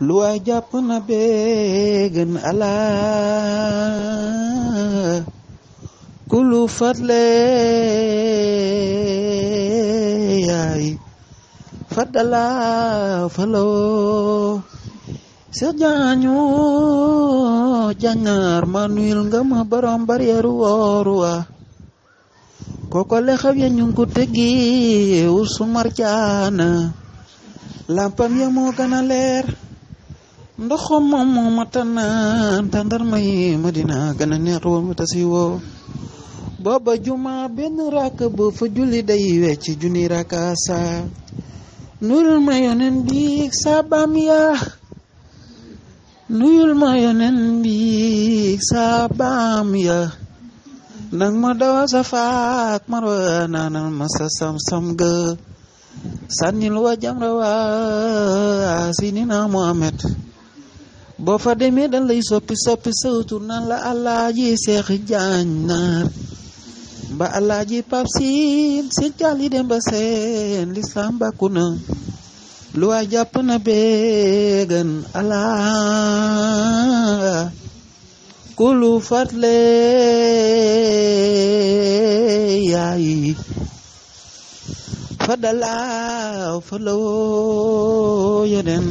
lua jàpp na bee ala kulu fatle yaay fadala falo sa jaañu jangar manuel nga ma borom baryeeru wooruwa koko le xaw ya ñu ngi ko lampam ya moo ndoxo mom moo mata naan tàndarma yi madina gën a neex woon ta siiwoo juma ben rak ba fa julli day wecc juni rakasa nur nurul ma yonen bi sabam ya nuyul ma yonen bi sabam ya nang ma dawa sa marwa naanal ma sa sam-sam ge sànnil wa jamra wa sinina Muhammad boo fa demee dañ lay soppi soppi sawtur nan la alaaji seex jaañ naar ba alaaji pap siin si jàlli dem ba seen lislaam bàkku na lu waay jàpp na beegan alaa kulu fatle yaay fadalaaw fa lawoo yeneen